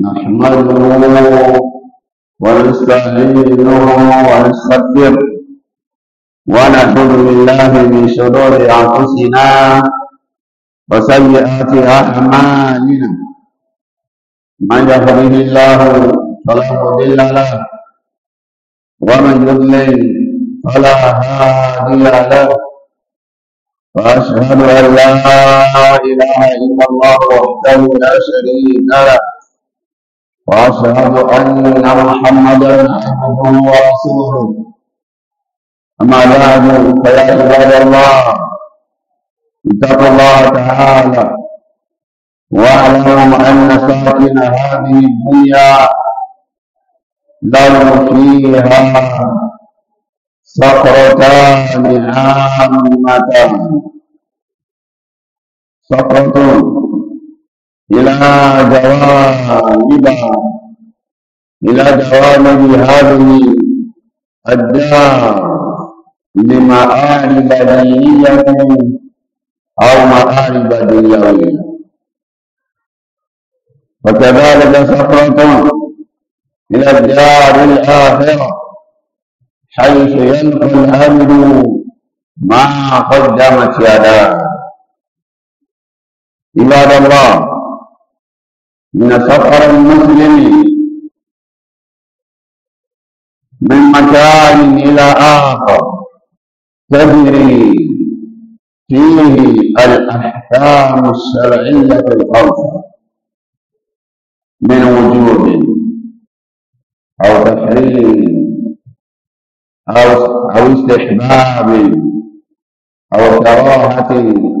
نحمده ونستعينه ونستغفره ونعوذ بالله من شرور انفسنا وسيئات اعمالنا من يهده الله فلا مضل له ومن يضلل فلا هادي له واشهد ان لا اله الا الله وحده لا شريك له وأشهد أن محمدا عبده ورسوله أما بعد فيا عباد الله اتقوا الله تعالى واعلموا أن ساكن هذه الدنيا لو فيها سقرتان عامتان سقرة إلى جوانبها إلى جوانب هذه الدار لمآرب دينية أو مآرب دنيوية وكذلك سفرة إلى الدار الآخرة حيث يلقى الأمر ما قدمت يداه عباد الله نفقر المسلمين من مكان إلى آخر تجري فيه الأحكام الشرعية الخمسة من وجود أو تحريم أو أو استحباب أو كراهة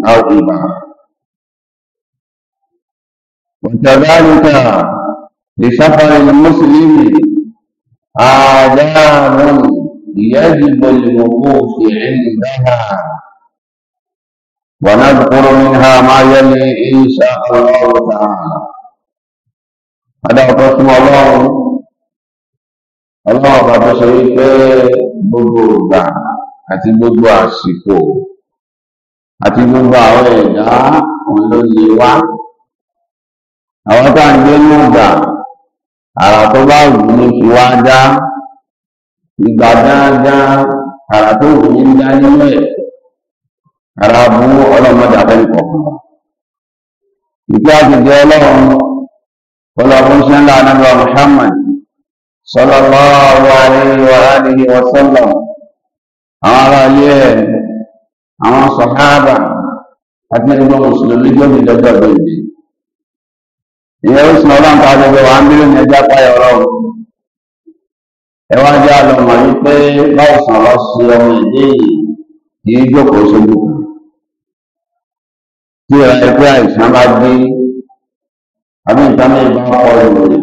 أو إباحة وكذلك لسفر المسلم آداب يجب الوقوف عندها ونذكر منها ما يلي إن شاء الله تعالى هذا قسم الله الله بابا شريك بوبوبا àti gbogbo àsìkò àti gbogbo àwọn ẹ̀dá òun ló lè wá àwọn tá à ń gbé ní ìgbà àrà tó bá wù ní fi wá dá ìgbà dáadáa àrà tó wù ní dá nínú ẹ̀ àrà bú ọlọ́mọdé àtẹ́lẹ́kọ̀ọ́ fún wa. ìgbà àtijọ́ ọlọ́run ọlọ́run ṣe ńlá anábíà Muhammad sallallahu alayhi wa alihi wa sallam àwọn ará ayé ẹ̀ àwọn sàhábà àti ẹgbẹ́ mùsùlùmí jẹ́ mi dọ́gbàgbé ìdí. ìyẹn ó sin ọrụ ká gbogbo wa ń bínú ní ẹjọ́ apáyọ ọlọ́run ọrụ ọrụ. ọrụ àlọ́mọ yìí pé ọmọ ìdíyìn kì í jókòó sójú kan tí ẹ ẹ ọrụ àìsàn bá gbé àbí nǹkan náà ọrụ kọ ọrụ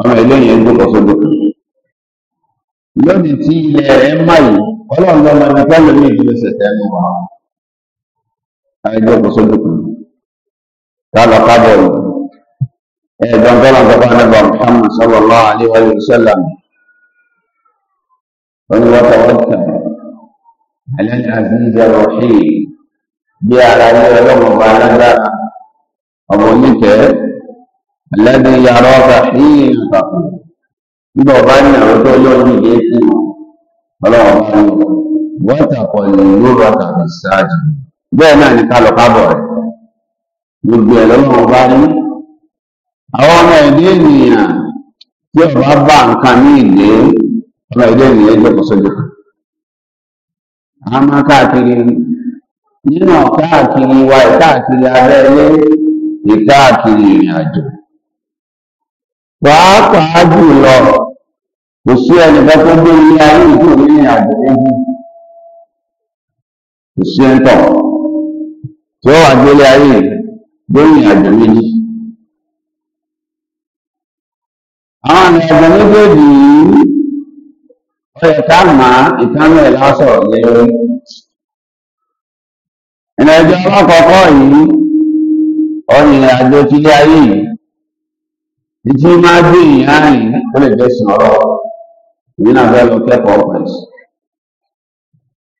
ọmọ ìlóyìn ń jókòó sójú ọrụ. ẹ̀dọ̀n tọ́lọ̀ tọ́lọ̀ nígbà Muhammad sallallahu alaihi wa sallam oníwọ́tọ̀ wọ́tọ̀ alẹ́lẹ́ àbíjà rọ̀ṣì bí ara ní ọlọ́mọ bá lágbára ọmọ oníkẹ́ alẹ́bí yàrá ọba sí ìlàkù nígbà ọba ní àwọn tó lóyún ìdí sí ọlọ́wọ́ fún wọ́tà pọ̀ ní lórí ọ̀tà rẹ̀ bẹ́ẹ̀ náà ní kálọ̀ kábọ̀ rẹ̀ gbogbo ẹ̀ àwọn ọmọ ẹ̀dẹ́ ènìyàn tí ọ̀rọ̀ bá nǹkan ní ìdé ọmọ ẹ̀dẹ́ ènìyàn jókòó sójú kan a káàkiri nínú káàkiri wa káàkiri abẹ́lé ìkáàkiri ìrìn àjò pàápàá jùlọ kò sí ẹnìkan tó gbé ilé ayé ìdúró nínú àjò ohu. kò sí ẹ̀ńtọ̀ tí ó wà gbélé ayé gbóyìn àjò méjì. àwọn àmì ẹ̀gbọ́n méjèèjì yìí ọ̀rẹ́ ká máa ìtànú ẹ̀ lásọ̀rọ̀ lé lórí. ìrìnàjò ọlọ́kọ̀ọ́kọ́ yìí ọ̀rìnrìn àjò tílé ayé yìí ìtí máa gbé ìyáàrin ó lè jẹ́ sìn ọ̀rọ̀ ìyẹn náà fẹ́ lọ kẹ́kọ̀ọ́ pẹ̀lú.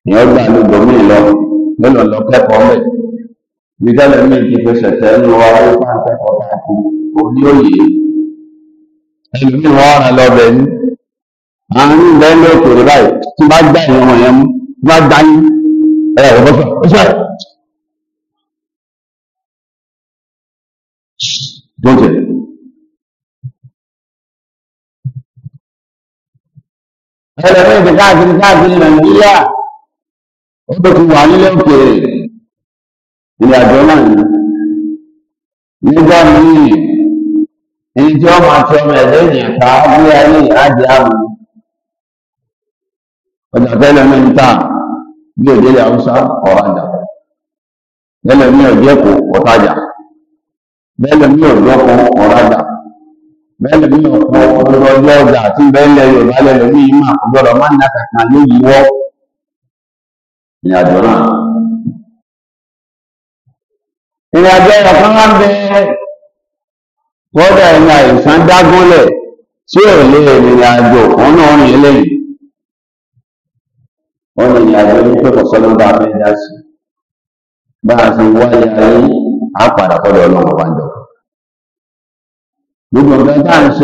ìyẹn gbà lóògbé mi lọ lọ́lọ́ lọ kẹ́kọ̀ọ́ mẹ́ ibi tẹ́lẹ̀ mi ti fẹsẹ̀ tẹ́ ń ó pàǹkẹ́kọ̀ọ́ pàǹkù ẹlòmíì wọ́n ràn lọ bẹ̀ ní àwọn ní ìlẹ́ ilé òkèèrè báyìí tí bá gbá ìyẹn wọn yẹn mú tí bá gbá ní ẹ̀rọ ìrọ̀bọ̀fà ó sì báyìí. Dókè. Ẹlẹ́fẹ́ ti káàkiri káàkiri Nàìjíríà ó tó ti wà nílé òkèèrè ìrìnàjò náà Nígbà míì ndị ọma chọrọ ẹlẹ́yìn ẹ̀ka bí ayé ìhádìí àrùn ọjà tẹ́lẹ̀ mi ń bí òde ilẹ̀ haúsá ọ̀rajà tẹ́lẹ̀ mi ò jẹ́ kó ọ̀tajà tẹ́lẹ̀ mi ò jọ́ kó ọ̀rajà tẹ́lẹ̀ mi ò kó ọlọ́jọ́ ọjà bẹ́ẹ̀lẹ̀ yorùbá ìmọ̀ wọ́ náà ọ̀kan wá bẹ́ẹ̀ kọ́dà ẹ̀yà àìsàn dágúnlẹ̀ tí ò lè ìrìn àjò òun náà eléyìí wọ́n ìrìn àjò ní pẹ́kọ̀ sọ́dún bá fẹ́ dá sí bá a fi wáyé ayé á padà kọ́dọ̀ ọlọ́run jọ. gbogbo tá à ń ní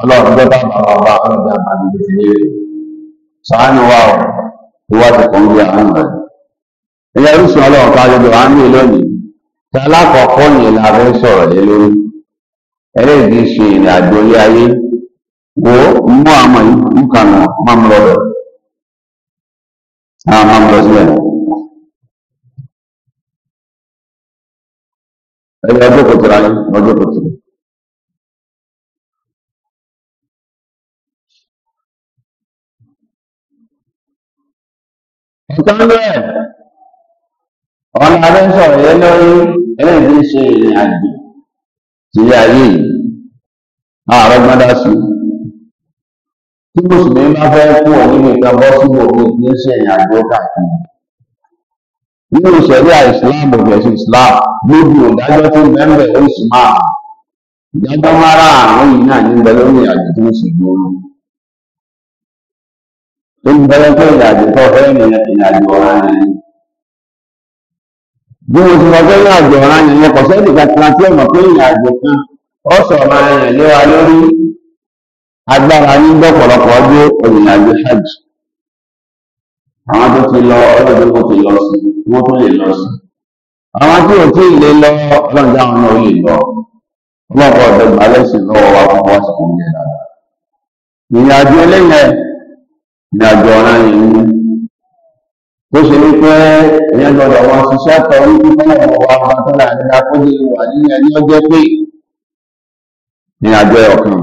ọlọ́run tó bá bàbá wa ọlọ́run tó bá bàbá léèrè sàánú wa ọ̀ ìwádìí kan àwọn ẹ̀yà orísun ọlọ́run ká gbogbo wa ní lónìí tí alákọ̀ọ́kọ́ yìí la fẹ́ sọ̀rọ̀ lé lórí ẹlẹ́ẹ̀dì ṣe ìrìn àjò orí ayé wo mú àmọ́ ìkànnà máa ń lọ́dọ̀ àwọn máa ń lọ sílẹ̀ ẹ̀yà ọjọ́ kòtò ráyé ọjọ́ kòtò ẹ̀ka ń ọ̀nà abẹ́ ń sọ̀rọ̀ yẹn lórí ẹlẹ́yìn tí ń ṣe ìrìn àjò ti rí ayé yìí ààrẹ gbọ́dá sí tí mùsùlùmí bá fẹ́ kú òní nìkan bọ́ sí òní tí ń ṣe ìrìn àjò káàkiri nínú ìṣẹ̀rí àìsílám òbẹ̀sì islam lójú ìdájọ́ tó ń bẹ́ẹ̀ oríṣi máa ìdájọ́ mara àwọn yìí náà ní bẹ lórí tó ń tó ń bí mo ti sọ pé ní àjọ ọ̀ràn yẹn yẹn kọ̀sẹ́ ìdìgbà kan tí ọmọ pé ìrìn àjò kan ó lé wa lórí agbára hajj àwọn tó ti lọ ọlọ́dún tó ti lọ sí wọ́n tó lè lọ sí àwọn tí ò tí lè lọ ọlọ́dún táwọn náà lè lọ ọlọ́pọ̀ lẹ́sìn lọ́wọ́ wa fún wọ́n sì kún bó ṣe ní pé ìyẹn gbọdọ̀ wọn ṣiṣẹ́ tọ́ ní pípẹ́ ọ̀rọ̀ wa ọba tó rà lè wà nínú ẹni ọjọ́ pé ní àjọ ọ̀kan.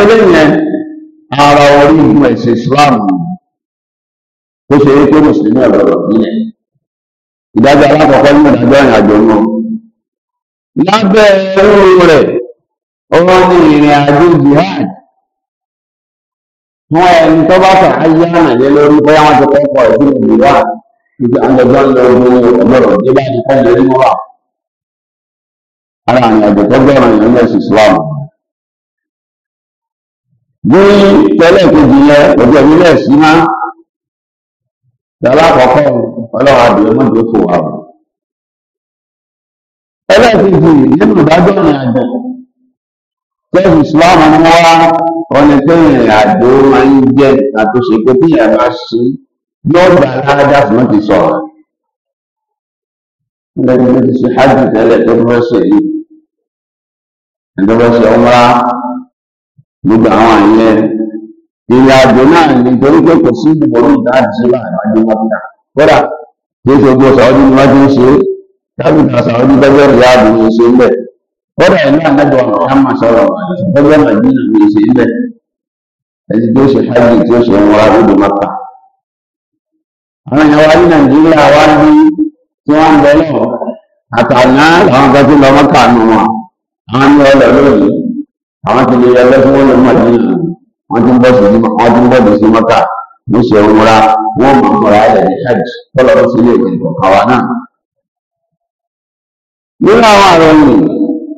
eléyẹn ara orí ìlú ẹ̀sìn Islam bó ṣe ní pé mùsùlùmí ọ̀rọ̀ nílẹ̀. ìdájọ́ alákọ̀ọ́kọ́ ní ìdájọ́ náà. lábẹ́ rẹ̀ ní jihad wọn ẹni tó bá sọ ayé ànàlẹ lórí bóyá wọn ti kọ́kọ́ ìdílé ìlúwà a àgbẹjọ ń lọ bí ọlọ́rọ̀ nígbà tí kọ lórí wọn wà. ara àwọn àjò tó gbọràn yẹn lọ sí islam. bí tẹ́lẹ̀ kejì yẹn ọjọ́ mi lẹ sí má lálákọ̀ọ́kọ́ àbíyẹ ẹlẹ́ẹ̀kejì nínú tẹ́sí islam ń wá ọ̀nà tó ìrìn àjò máa ń jẹ́ àtúnṣe pé bí ìyá máa ṣe yóò gbà láàdá fún ti sọ̀rọ̀. lẹ́yìn tó ti ṣe hajj tẹ́lẹ̀ tó ṣe yìí ọmọ gbogbo àwọn àyẹ ìrìn àjò náà ní torí pé kò sí ìgbòho ìdájí láàrin àjò kódà ó ṣe ọdún ni ń ṣe tábìlì àṣà ọdún ṣe ń bọ́dà ilé àgbẹ̀dọ̀ Muhammad sọ̀rọ̀ ọgbẹ́ Madina ní ìṣe ilẹ̀ ẹni tó ṣe hajj tí ó ṣe ń wá lóde Maka. àwọn èèyàn wa ní Nàìjíríà wá ní tí wọ́n ń bẹ lọ́wọ́ àtàná làwọn kan tí lọ Maka nù wọn àwọn ní ọlọ lónìí àwọn ti lè yọjọ tí wọ́n lọ Madina wọ́n ti ń bọ̀ sí wọ́n ti ń bọ̀ sí Maka ní ṣe ń wá wọ́n mọ̀ mọ́ra ẹ̀ ní hajj tọ́lọ́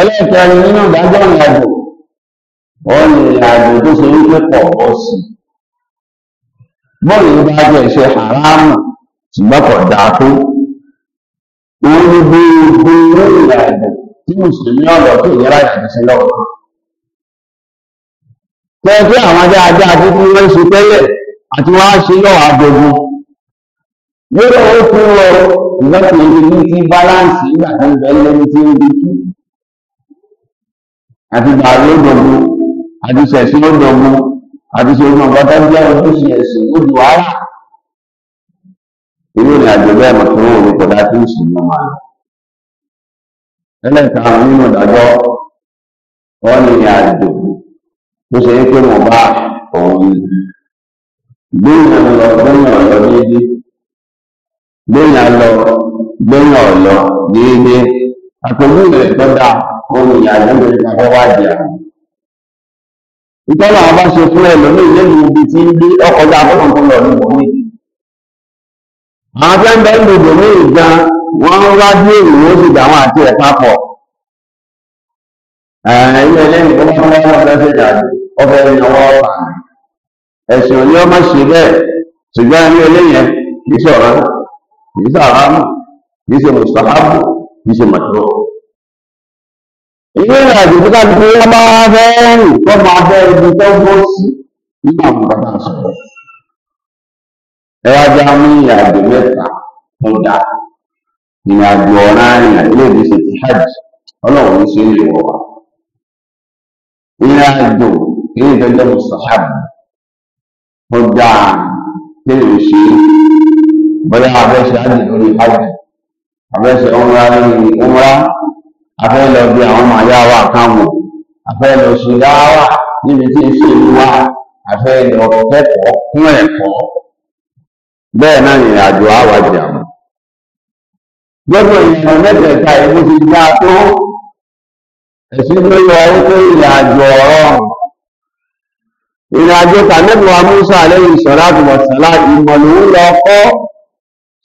ẹlẹ́ẹ̀kẹrin nínú ìdájọ́ ìrìn àjò wọ́n ní ìrìn àjò tó ṣe wípé pọ̀ pọ̀ sí bọ́ọ̀lù ìdájọ́ ìṣe haramu ṣùgbọ́n kò dáa tó wọ́n ní gbogbo ìrìn àjò tí mùsùlùmí ọ̀dọ̀ tó ìyára lọ́wọ́ àwọn tó ṣe tẹ́lẹ̀ àti á ṣe lọ́wọ́ yóò ó fún ní ti báláǹsì àti gbàrí òdòdó àti sẹ̀sí òdòdó àti sọ̀rọ̀ ọ̀gbátá jẹ́ ojúṣe ẹ̀sìn lójú wàhálà irú ìrìn àjò bẹ́ẹ̀ tó wọ́n kọ̀dá ń ní ọmọ ẹlẹ́ka nínú ìdájọ́ wọ́n ní àjò tó ṣe é pé wọ́n bá òun ní ọ̀lọ́ déédé ọ̀lọ́ déédé tó dáa ọmọ ìyá àjẹ́mọ̀ na wájì àwọn ìtọ́nà àbá ṣe fún ẹ lómi ibi tí ilé ọkọjá abọ́nà tó lọ ní bòmí àwọn tẹ́ ń bẹ́ ń lo bòmí ìgbà wọ́n ń wá bí èrò ó sì dà àti ẹ̀ka pọ̀ ẹ̀yìn ẹlẹ́yìn tó fẹ́ fẹ́ jáde ọbẹ̀ ọwọ́ ilé ìrìnàjò tó dájú pé wọ́n máa fẹ́ rìn tó máa fẹ́ ibi tó bó sí nínú àwọn bàbá sọ̀rọ̀ ẹ wá já mú ìrìnàjò mẹ́ta tó dá ìrìnàjò ọ̀rá ìrìnàjò lè fi ṣe ti hajj ọlọ́run ṣe ń lè wọ̀ wá ìrìnàjò ilé ìjọjọ́ mùsàlámù tó dá kéèrè ṣe bóyá abẹ́ṣe hajj lórí hajj abẹ́ṣe ọmọra lórí ọmọra. afẹ́ lọ bí àwọn ọmọ àyá wa kan wò afẹ́ lọ níbi tí iṣẹ́ ìlú wa afẹ́ lọ kẹ́kọ̀ọ́ ẹ̀kọ́ bẹ́ẹ̀ náà ní àjò àwàjì àwọn. gbogbo ìṣàn mẹ́tẹ̀ẹ̀ta ìlú ti tó ẹ̀sìn yọ ọ̀rọ̀ tàbí Musa lẹ́yìn lọ kọ́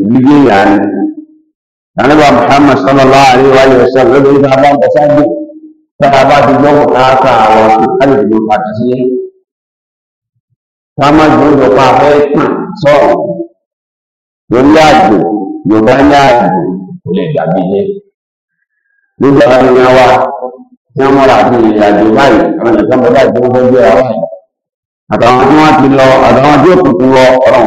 ìdíje ìyá ni àníbà Muhammad sallallahu alaihi wa sallam lórí ìgbà bá ń bọ̀ sáájú tá a bá ti gbọ́ bùkátà àwọn alìdìbò pàtó sí ká má gbọ́dọ̀ pa afẹ́ pàn sọ̀rọ̀ lórí àgbò yorùbá ní àgbò kò lè dàbí ilé nígbà wọn ni wa tí wọn mọra àti ìrìn àjò báyìí àwọn ìjọba báyìí tó ń fẹ́ gbé ara wọn àtàwọn tí wọn ti lọ àtàwọn tí ó kùkù lọ Ọlọ́run.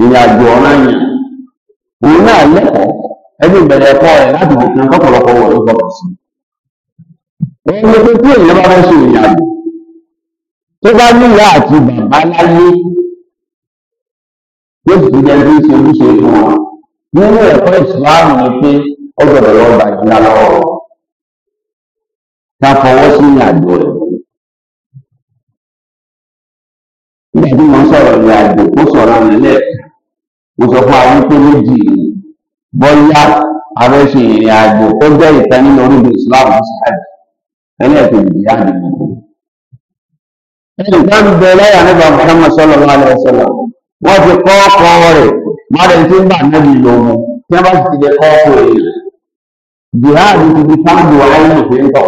ìrìn àjò ọ̀ràn yẹn òun náà lẹ́kọ̀ọ́ ẹni ìbẹ̀rẹ̀ ẹ̀kọ́ rẹ̀ láti bò kan kọ́pọ̀lọpọ̀ wọ̀ ló gbọ́dọ̀ sí. ẹni èèyàn bá fẹ́ ṣe ìrìn àjò tó bá àti bàbá láyé yóò sì jẹ́ bí ṣe fún nínú ẹ̀kọ́ ìsìláàmù ni pé ó gbọ́dọ̀ nígbà tí mo sọ̀rọ̀ ìrìn àjò mo sọ̀rọ̀ ọ̀nà lẹ́ẹ̀kan mo sọ fún àwọn tó méjì bọ́yá abẹ́ṣe ìrìn àjò tó jẹ́ ìtẹ́ nínú orílẹ̀ Islam ṣáàjì ẹlẹ́ẹ̀kejì ìyá àdìmọ̀ ẹnìkan bẹ lẹ́yà nípa Muhammad sallallahu alaihi wasallam wọ́n ti kọ́ ọkọ̀ rẹ̀ mọ́rẹ̀ tí ń bà nẹ́bí lòun tí wọ́n bá ti ti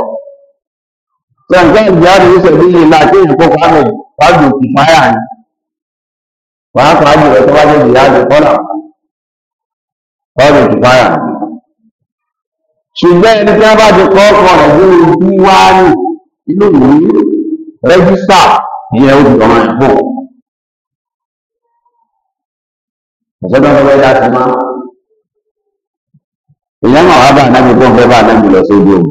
Gbàgbọ́n ìjáde ó sẹ̀dí yìí náà tí ìdíkọ́ fáàmì fáàmì òkú fáyà ni. Wàá fàájì rẹ̀ tó bá jẹ́ ìjáde kọ́nà fáàmì òkú fáyà ni. Ṣùgbọ́n ẹni tí wọ́n bá ti kọ́ ọkọ rẹ̀ bí ojú wá ní inú ìlú rẹ́gísà ìyẹn ó di ọmọ ìbò. Ìjọba ń bẹ́ẹ̀ láti máa. Ìyẹn náà wá bá ànábì tó ń fẹ́ bá ànábì lọ sí ojú òbí.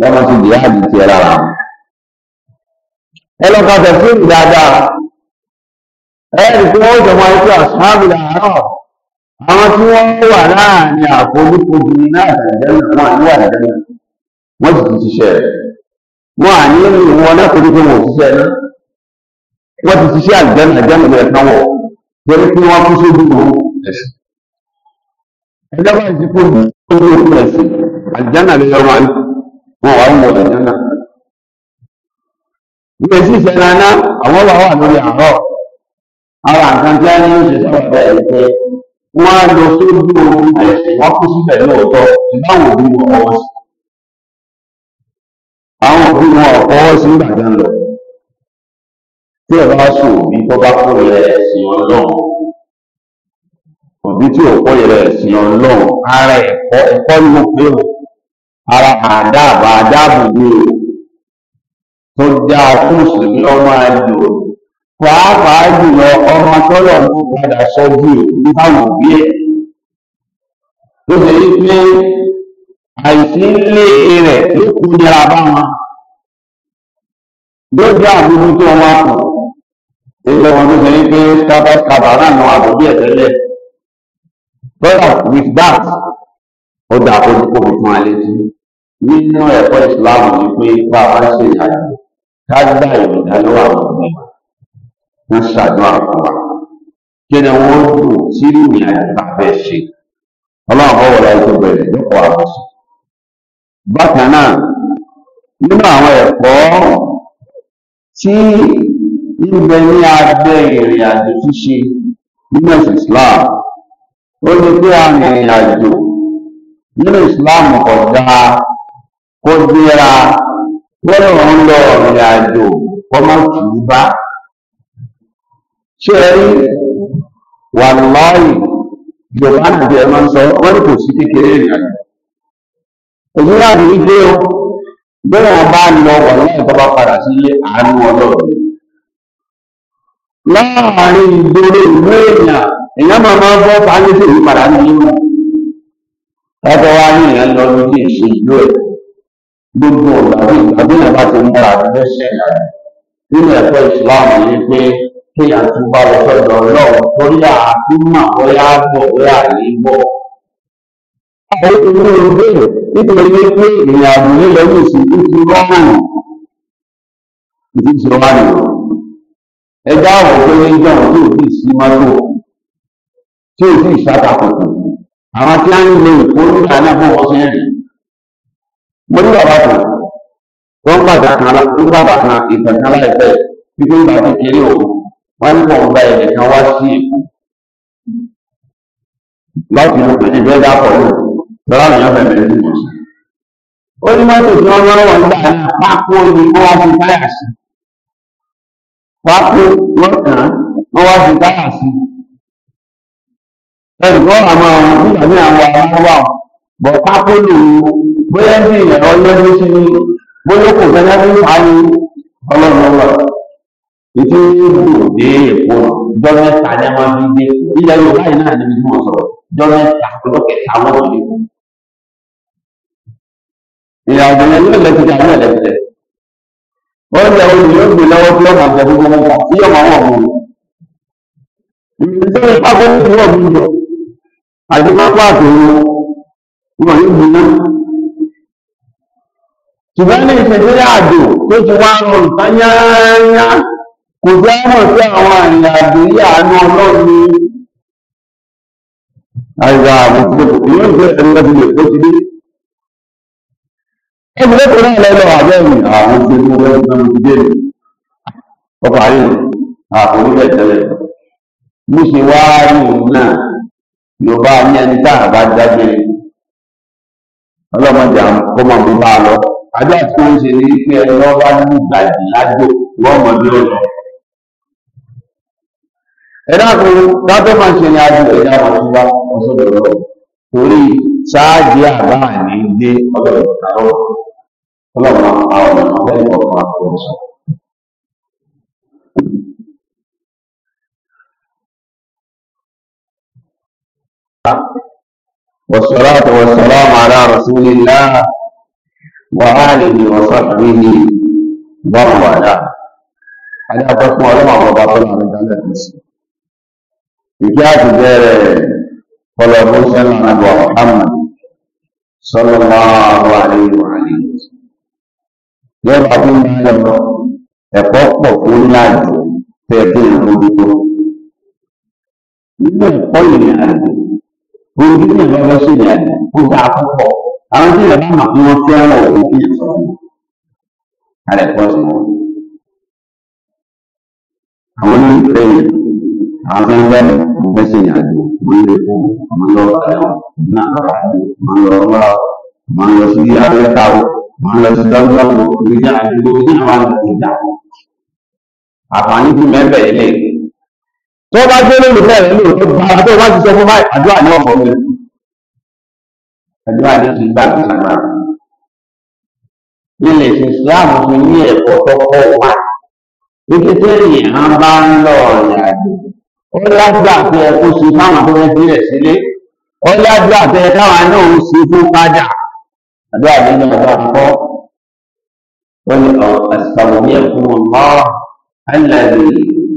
wọ́n máa ti jihadi ti ẹ̀ lára wọn. ẹ lọ ka tẹ̀síìn dáadáa ẹ rí pé wọ́n jọ máa ń pè àṣàbù làárọ̀ àwọn tí wọ́n wà láàrin àforífojì ní náà àtàlẹ́jẹ́ náà wọ́n àníwà àtàlẹ́jẹ́ náà wọ́n sì ti ṣiṣẹ́ rẹ̀ wọ́n àní ìwọ náà kò ní pé wọ́n ò ṣiṣẹ́ náà wọ́n ti ṣiṣẹ́ àjẹ́nà àjẹ́nà bẹ̀rẹ̀ kan wọ̀ torí pé wọ́n kú sójú wọn ẹjọ́ bá ti kó bí ó ń lò ó ẹ̀sìn àjẹ́nà wọn wà wọ́n lọ́dọ̀ náà ilé sí ìṣẹ̀lẹ̀ aná àwọn wà wà àárọ̀ ara nǹkan tí a ní oṣù sọ̀rọ̀ ẹ̀ pé wọ́n á lọ sójú oorun ẹ̀sìn wọ́n kú síbẹ̀ wọn ọwọ́ sí àwọn òbí wọn ọwọ́ sí ń lọ tí bá sùn òbí tó bá rẹ̀ ọlọ́run òbí ara ẹ̀kọ́ ẹ̀kọ́ ara àdáàbà àdáàbòbò tó dáa fún sí ọmọ àjò pàápàá jùlọ ọmọ tọ́lọ̀ tó padà sọ́jú ní báwọn òbí ẹ̀ tó ṣe pé àìsí ilé rẹ̀ ló kú nira bá wọn àbúrú tó wọn kù wọn ṣe pé àbòbí with nínú ẹ̀kọ́ ìsìláàmù ni pé bá a bá ṣe ìrìnàjò ká gbà ìrìnà lọ́wọ́ àwọn ọmọ wọn a. fún kí ni wọ́n dùn sí ìrìn ṣe tó àwọn bákan náà nínú àwọn ẹ̀kọ́ tí ní abẹ́ ìrìn àjò ṣíṣe nínú ẹ̀sìn Islam ó ní pé Islam kó gbéra lọ́rọ̀ ń lọ ìrìn àjò kọ́mọ́ tù ú bá ṣé ẹ rí wà lọ́ọ̀yì yorùbá nàìjíríà ẹ máa ń sọ wọ́n ní kò sí kékeré ìrìn àjò òun láti ní dé o bẹ́ẹ̀ wọ́n bá lọ wà lọ́wọ́ tó bá padà sí àánú ọlọ́run láàárín ìgboro ìlú èèyàn èèyàn máa máa bọ́ fàájì sí ìpadà nínú ẹgbẹ́ wa ní ìyẹn lọ lórí ìṣe ìlú ẹ̀ gbogbo ìgbàgbé ìgbàgbé yẹn bá ti ń bára rẹ lẹ́sẹ̀ nínú ẹ̀kọ́ ìsìláàmù yìí pé kí a tún bá lọ sọ́dọ̀ ọlọ́run torí àtúmọ̀ bóyá bọ̀ bóyá yìí bọ̀. àwọn ìlú ìbéèrè nítorí pé ìrìn àjò nílò ìsìn tó ti rọ́nà ìdí ti rọ́nà ẹgbẹ́ àwọn tó ní jọ tí ò sì sí mọ́tò tí ò tí a ń mo ní bàbá kan wọ́n gbàgbà kan ń gbàgbà kan ìtàn kan láìpẹ́ títí ìgbà kékeré o wọ́n ní kò gba ẹ̀jẹ̀ kan wá sí èkó láti inú pèsè bẹ́ẹ̀ fẹ́ bẹ̀rẹ̀ sí ó ní wọ́n ni wọ́n bọ̀ pápólò bóyá bí ìyàrá ọlọ́dún sí ni bóyá kò gẹ́gẹ́ bí sáré ọlọ́dúnrún ètò ìdúró dé èkó jọ mẹ́ta ní ẹmọ fi dé ilẹ̀ Yorùbá yìí náà níbi tí wọ́n sọ̀rọ̀ jọ mẹ́ta ọjọ́ kẹta wọ́n lè kú. ìyàwó yẹn yóò lẹ́tí ká yóò lẹ́tí lẹ́. wọ́n yẹ olè yóò gbé lọ́wọ́ tí wọ́n máa jẹ gbogbo wọn kọ̀ sí ọmọ wọn mú. ìpàkọ́ ní ìwọ̀n mi jọ àti pápá wọn yóò gbiná ṣùgbọ́n ní ìṣẹ̀lẹ̀ àjò tó ti wá rọ nǹkan yáyá kò jẹ́ mọ̀ sí àwọn àrìn àjò yí àánú ọlọ́run ní àìgbà àbùkù yóò gbé ẹni lọ́sí lè tó ti dé ẹni lọ́sí náà lọ́lọ́ àbẹ́rù àwọn ti mú ẹni náà ti dé ọkọ̀ ayé àkókò bẹ́ẹ̀ tẹ́lẹ̀ mo ṣe wá rí òun náà yorùbá ní ẹni tá àbá dágbére ọlọ́mọdé àkọ́mọ mi bá a lọ àdúrà tí wọ́n ṣe ní pé bá ní wọ́n mọ̀ lọ. ẹ dábẹ́ máa ń ṣe ní adé ẹ̀dá àwọn tó bá wọn sọ̀rọ̀ lọ́wọ́ torí àbá àní dé والصلاة والسلام على رسول الله وآله وصحبه ومن والاه أنا أقسم على ما بطل على جل المسلم إجازة دار قال موسى عن محمد صلى الله عليه وآله وسلم يبقى من هذا ẹ̀kọ́ orí àjò tẹ̀gbọ́n ìmójútó nínú ẹ̀kọ́ ìrìn gbogbo ní ìlú ọlọ́sẹ̀ ní àná ó dáa púpọ̀ àwọn tí ìlú máa fún wọn fẹ́ràn òun kí n sọ̀rọ̀ mọ́ alẹ́ pọ̀ sí wọn. àwọn ní ìfẹ́yìn àwọn tó ń bẹ̀rẹ̀ ń ní àjò wọ́n lè kó ọmọ lọ ọ̀rọ̀ náà máa lọ ọ̀rọ̀ máa lọ sí abẹ́ta o máa lọ sí dọ́gbọ́n o ìgbésẹ̀ àdúgbò ní àwọn àgbègbè àfààní fún mẹ́fẹ̀ẹ́ lẹ́yìn tó bá gbé lórí fẹ́ rẹ̀ lò ó bá tó bá ti sọ fún báyìí àdúrà ní ọ̀pọ̀ rẹ̀ àdúrà ní ti gbà gbà nílẹ̀ sí Islam fún ní ẹ̀kọ́ tó kọ́ wà wípé tẹ́lẹ̀ yẹn bá ń lọ ọ̀rẹ́ àjò ó lágbà pé ẹ sí fáwọn tó fẹ́ sílẹ̀ sílé ó lágbà pé káwọn náà ń sí fún padà àdúrà nínú ọ̀dọ́ àkọ́ wọ́n ní ọ̀sán ní ẹ̀kú ọ̀gbọ́n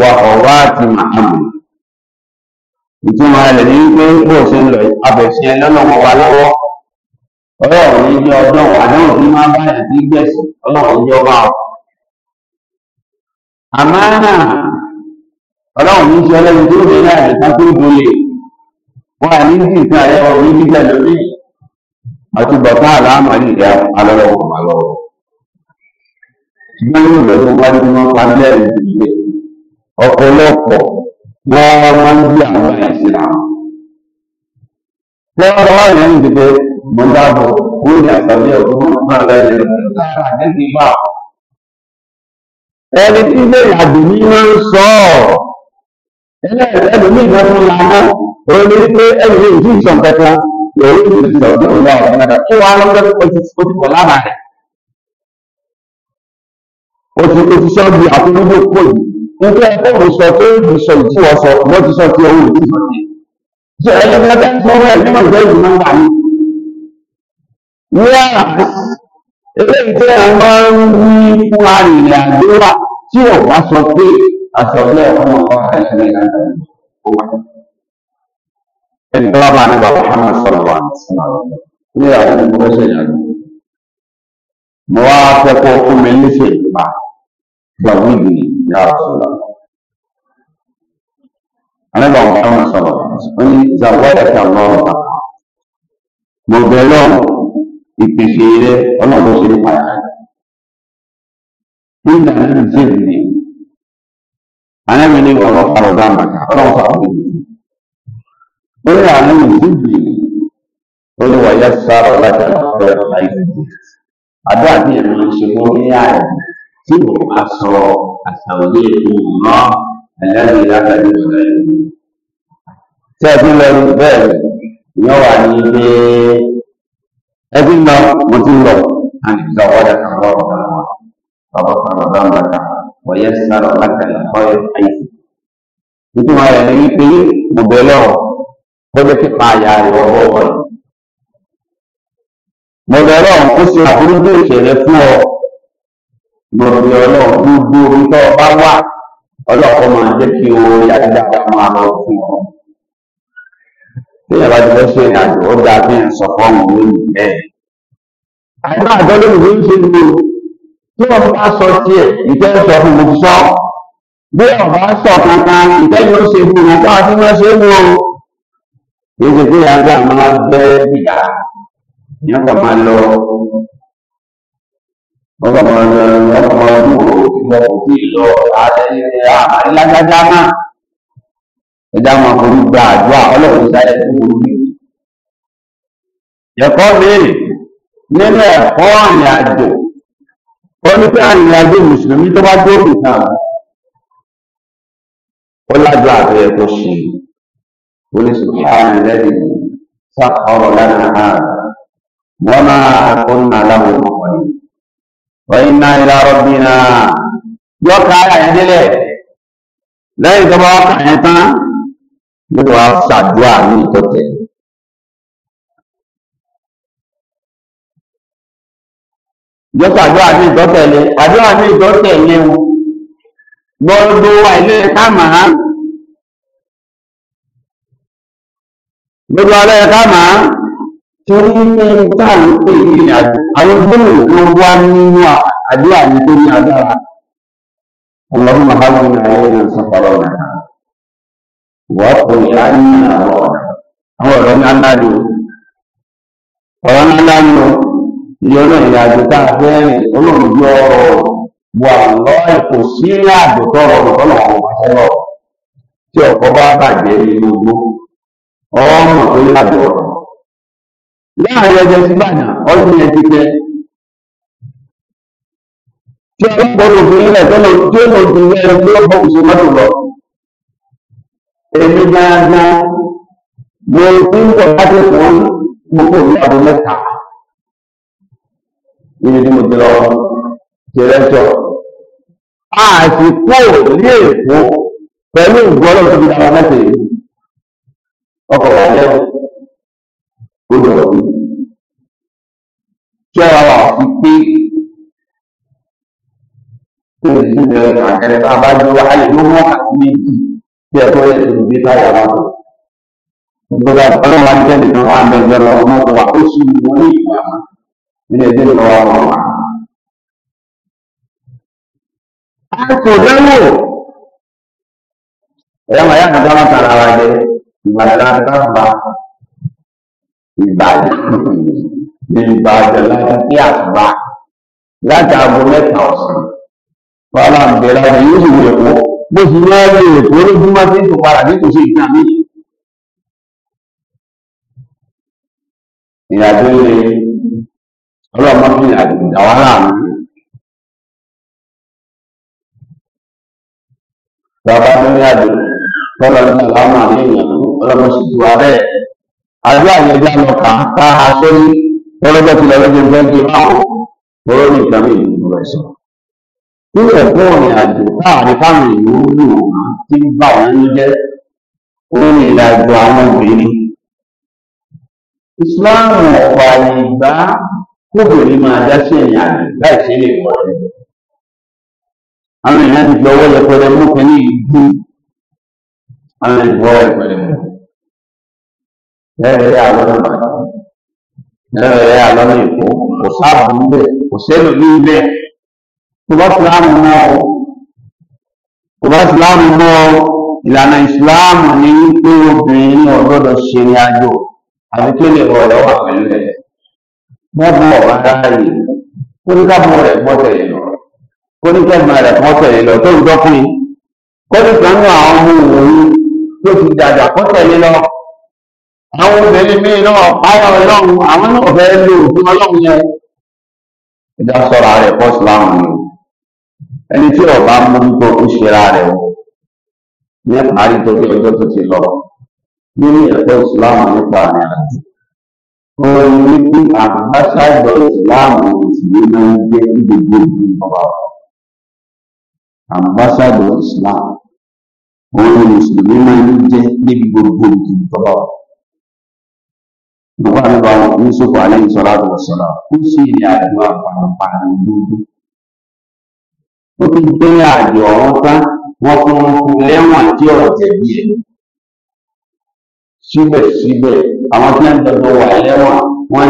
wà ọ̀rọ̀ àti màmú ìtumọ̀ rẹ̀ ní pé bó ṣe ń lọ wa lọ́wọ́ ọlọ́run ní jẹ́ ọdún ma tí máa bá yàn sí gbẹ̀sìn ọlọ́run ọba ọ̀ àmọ́ náà ọlọ́run ní ṣe ọlọ́run tó lè láàyè ká tó gbolè wọn à ní sí lórí àti ìyá ọ̀pọ̀lọpọ̀ wọ́n máa ń bí lọ́wọ́ láwọn ń dìde kó ní àtàlẹ́ ọdún máa bá ẹni tí ilé ìyàgbé ní máa ń sọ ní òun pé ẹni ní ìdí ìsàn kẹta ìdí ìsàn kí wọ́n á pọ̀ nítorí ẹgbẹ́ òun sọ pé òun sọ ìdí wọ́n sọ wọ́n ti sọ ti owó ìdí sọ ti ṣe ẹni tí wọ́n fẹ́ sọ wọ́n ẹni wọ́n fẹ́ ìlú eléyìí tí a máa ń wí fún arìnrìn-àjò wa tí ò bá sọ pé àsọ̀lẹ̀ ọmọ ọ̀hún ẹ̀ṣẹ̀ ìlànà ìwà. ẹni tó bá ní bàbá hàmà sọ̀rọ̀ wà ní ìlànà. mo wá fẹ́ kó fún mi níṣẹ́ ya Rasulullah. Àlẹ́bà Muhammad sọ̀rọ̀ ó ní Zawayaka lọ́rọ̀ bá. Mo bẹ ìpèsè rẹ ọlọ́run ṣe ní padà. Nígbà náà sì ní. Àlẹ́bà ní ọ̀rọ̀ Fàrọ̀dá Màkà ọlọ́run sọ̀rọ̀ mi. Lórí àánú ìdíje ó ní wàyà sára ọ̀làjà lọ́wọ́ ẹ̀rọ láì Àdó àti ní àyè. tí ò bá sọ àṣàwọlé ìlú mọ ẹlẹ́rìí lágbàdo ọ̀rẹ́ ìlú. tí ẹbí lọ bẹ́ẹ̀ ìyẹn wà ní pé ẹbí lọ mo ti lọ àìsàn ọ̀dà kan lọ́rọ̀ kan wà bàbá kan bàbá ń bàtà wọ̀nyẹ́ sáró lákàlẹ̀ ọ̀yẹ́ àìsàn. nítorí wọn yẹn ní pé mo bẹ lọ́wọ́ bọ́jọ́ ti pa àyà rẹ̀ ọ̀wọ́ wọ̀nyí. mo bẹ lọ́wọ́ ó ṣe àbúrú bí ìṣẹ̀lẹ̀ fún ọ gbòòrò ọlọ́run gbogbo omi tó o bá wà ọlọ́run máa jẹ́ kí o yàgbàgbà máa lọ fún ọ. Téèyàn bá ti fẹ́ ṣe ìrìn àjò ó dáa bí ẹ̀ sọ fọ́ọ̀mù lónìí bẹ́ẹ̀. Àdúrà àjọ lónìí ló ń ṣe ní tí wọ́n bá sọ tiẹ̀ ìfẹ́ sọ fún mi sọ. Bí ọ̀bá sọ kankan ìfẹ́ yóò ṣe fún mi bá a ti ṣe é mú o. Èyí ti bẹ́ẹ̀ bìyà. Ìyẹn ọlọ́mọ ọmọ ọdún ìwọ kò tí ì lọ àlágbájá náà ẹja máa forí gba àdúrà ọlọ́run sáré fún orí mi. ẹ̀kọ́ mìíràn nínú ẹ̀kọ́ àrìn àjò ó ní pé àrìn àjò mùsùlùmí tó bá dóòrù náà ó lájọ àti ẹ̀kọ́ sí ó ní sùpàrọ̀ lẹ́yìn sáà ọ̀rọ̀ lánàá wọn máa kó nà láwọn ọmọkùnrin. وإنا إلى ربنا يوقع يعني ليه lẹ́yìn tó bá wá kàn yẹn tán yóò wá ṣàdúrà ní ìtọ́tẹ̀. yóò ṣàdúrà ní ìtọ́tẹ̀lé torí pé tá à ń pè ní ìrìnàjò àwọn gbọ́dọ̀ ló wá nínú àdúrà ní tó ní agbára ọlọ́run máa ń rìn àwọn èèyàn sọ̀rọ̀ rẹ̀ wọ́n kò yá ní àwọn àwọn ọ̀rọ̀ náà láàyò ọ̀rọ̀ náà láàyò ní ọ̀nà ìrìnàjò tá a fẹ́ rìn olóòrùn bí ọ̀rọ̀ bu àwọn kò sí ìrìnàjò tó rọrùn tọ́lọ̀ àwọn ọmọdé lọ tí ọ̀pọ̀ bá bàjẹ́ nínú ọ̀rọ̀ ọ̀rọ̀ láàrin ọjọ́ sí bàdà ọdún ẹ̀ ti tẹ́ tí ọlọ́pọ̀lọ́ òfin rẹ̀ tọ́lọ tí ó lọ ti rẹ̀ tí ó bọ́ òṣè mọ́tò lọ èmi dáadáa mo ti ń bọ̀ láti fún mo kò ní àbọ̀ mẹ́ta níbi tí mo ti lọ jẹrẹjọ àsìkò ní èkó pẹ̀lú ìgbọ́lọ́ tó fi dára mẹ́ta ọkọ̀ wà lẹ́wọ̀n ó gbọ́dọ̀ wí. Ṣọ́ra wa fi pé kí o sì bẹ̀rẹ̀ àkẹrẹ tá a bá gbé wáyé ló wọ́n àti méjì tí ẹ tó yẹ kí o gbé táyà wá tó. Ìjọba ìpàdé wa ń tẹ̀lé náà wà bẹ̀rẹ̀ lọ ọmọ ọmọ wa ó sì wọ́n ní ìgbà wọn ní ẹgbẹ́ ìlọ wa wọn wà. A kò dánwò. Ẹ̀yà màá yá kàtà wọn tààrà wa jẹ ìgbàlá láti bá wọn bá wọn. Ìbàdàn Ìbàdàn láti pé àtúbà láti aago mẹ́ta ọ̀sán fọlá ń bẹ láti yóò sì wọ èkó bó sì yẹ ẹ lè èkó lójúmọ́ tí ń tó padà bí kò sí ìgbà mi. ìrìnàjò lè ọlọ́mọ fi ìrìnàjò ìjà wà láàmú. bàbá tó ní àjò tọ́lọ́ ní àlámà ní ìrìnàjò ọlọ́mọ sì ju abẹ́ẹ̀. àbí àyẹ̀dá lọ kà á ká a sórí lọ́lọ́jọ́ ti lọ lọ́jọ́ ìfẹ́ di báwo lọ́rọ́ ní ìkàmì ìlú rẹ̀ sọ. Nínú ẹ̀kọ́ àjò káàrin fáwọn ìlú lù wọ́n ti ń ní jẹ́ ìrìnàjò àwọn obìnrin. Ìsìláàmù ọ̀pọ̀ àyè ìgbà kóbìnrin máa dá sí àjò láì sí rẹ̀. Àwọn ọwọ́ yẹpẹrẹ mú lẹ́rẹ̀ẹ́ àlọ́nà bàtà lẹ́rẹ̀ẹ́ àlọ́nà èkó kò sáàbù níbẹ̀ kò sẹ́nu ní ilẹ̀ tó bá síláàmù mọ́ ọ tó bá síláàmù mọ́ ọ ìlànà ìsìláàmù ní wípé obìnrin ní ọ̀gbọ́dọ̀ ṣe ní àjò àti tó lè àwọn obìnrin míì náà páyà ọlọ́run àwọn náà fẹ́ lò fún ọlọ́run yẹn ìjà sọ̀rọ̀ ààrẹ pọ̀ sí láwọn ni ẹni tí ọba mú tó ń ṣe ra rẹ̀ ní àárín tó bí ọjọ́ tó ti lọ nínú ẹ̀kọ́ ìsìláàmù nípa àmì àti òun ní bí àbáṣájọ ìsìláàmù ìtìlú máa ń jẹ́ gbogbo ìlú ọba àbáṣájọ ìsìláàmù òun ní mùsùlùmí máa ń jẹ́ níbi gbogbo ìlú ọba. dùkọ́ àbẹ̀bà Yusufu alayhi salatu wassalam ó sì ní àdúrà pàápàá dúdú. ó ti gbé àjọ ọ̀rọ̀ tán wọ́n fún un fún lẹ́wọ̀n tí ọ̀rọ̀ tẹ̀bí wani síbẹ̀síbẹ̀ àwọn tí wọ́n dọ̀dọ̀ wà lẹ́wọ̀n wọ́n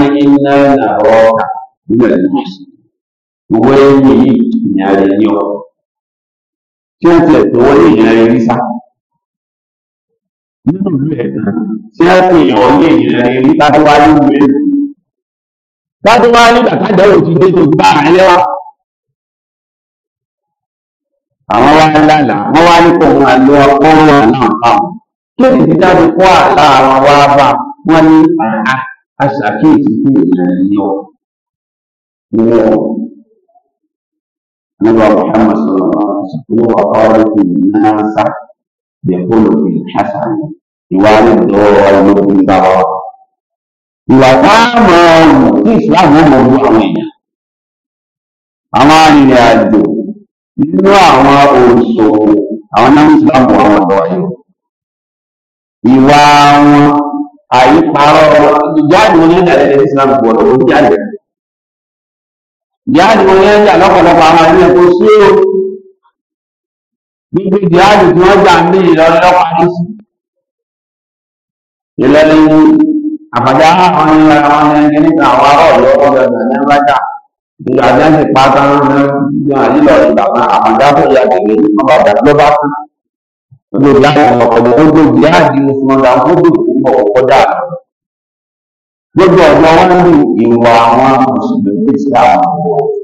ní nínú ìlú ẹ̀kan tí wọ́n fi hàn ní ìrìnlẹ̀ ní tàbíwájú rẹ̀. tàbíwájú àtàdáwò ti dé tó bá àárẹ̀ wá. àwọn wá lálàá wọ́n wá ní kò máa lo ọgbọ́n náà pamọ́. kí ni ti dábì kó àlá àwọn wá bá wọn ní aṣàkíyèsí ah, ah, sí ìrìnlẹ̀ ní ọ. Nílẹ̀ ọ̀ nígbà Muhammad sọ̀rọ̀ àwọn àṣàkíyèsí wà pàwọ́ lókè ní náà sáà. بخلق حسن ìwà àlejò ọlọ́gbìn bá wa. ìwà táàmù ọ̀hún tí ìsìláàmù mọ̀ ní àwọn èèyàn. àwọn arìnrìn àjò nínú àwọn oṣù àwọn náà ìsìláàmù àwọn ọ̀dọ́ ayé. ìwà wọn àyíparọ́ ìjáde wọn yẹn dàrẹ́ ní ìsìláàmù gbọ́dọ̀ ó jáde. ìjáde wọn yẹn dà lọ́pọ̀lọpọ̀ àwọn ilé ẹ̀kọ́ sí gbígbé jihadi tí wọ́n gbà ń lé Ìlọrin lọ́parí sí Ìlọrin ní àfàjá àwọn ìlànà àwọn ẹni níta àwọn ará ọ̀dọ́ ọ̀dọ́ ọ̀dọ́ ní ẹgbẹ́ta ìgbà tí wọ́n ti pa tán ní àyílọ̀ ìgbàgbà àfàjá tó yà tẹ̀lé ọba ọ̀dà ló bá kú gbogbo àwọn ọ̀pọ̀lọpọ̀ gbogbo jihadi oṣù ọ̀dà gbogbo ìgbà ọ̀kọ́dà gbogbo ọ̀dọ́ wọn ní ìwà àwọn mùsùlùmí ti àwọn ọ̀pọ̀lọpọ̀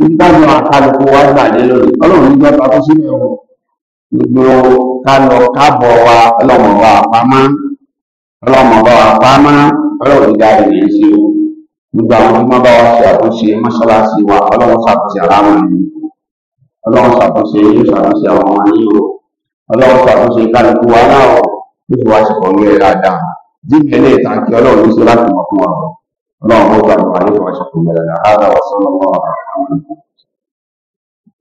nígbàgbọ́ àkàlùkù wa gbàdé lórí ọlọ́run nígbà pàtó sílẹ̀ o gbogbo kálọ kábọ̀ wa ọlọ́mọ wa pamọ́ ọlọ́mọ wa pamọ́ ọlọ́run ìjà rẹ̀ ní í ṣe o gbogbo àwọn tí wọ́n bá wa ṣe àtúnṣe mọ́ṣáláṣí wa ọlọ́run ṣàtúnṣe ara wọn ni ọlọ́run ṣàtúnṣe yóò ṣàtúnṣe àwọn ọmọ yìí o ọlọ́run ṣàtúnṣe kálukú wa náà o yóò wá ṣe pọ̀ lórí dáadáa jíjẹ ilé ìtàkì ọlọ́run ló ṣe láti mọ̀ fún wa اللهم اجعل عليك واشكر لنا هذا وصلى الله على محمد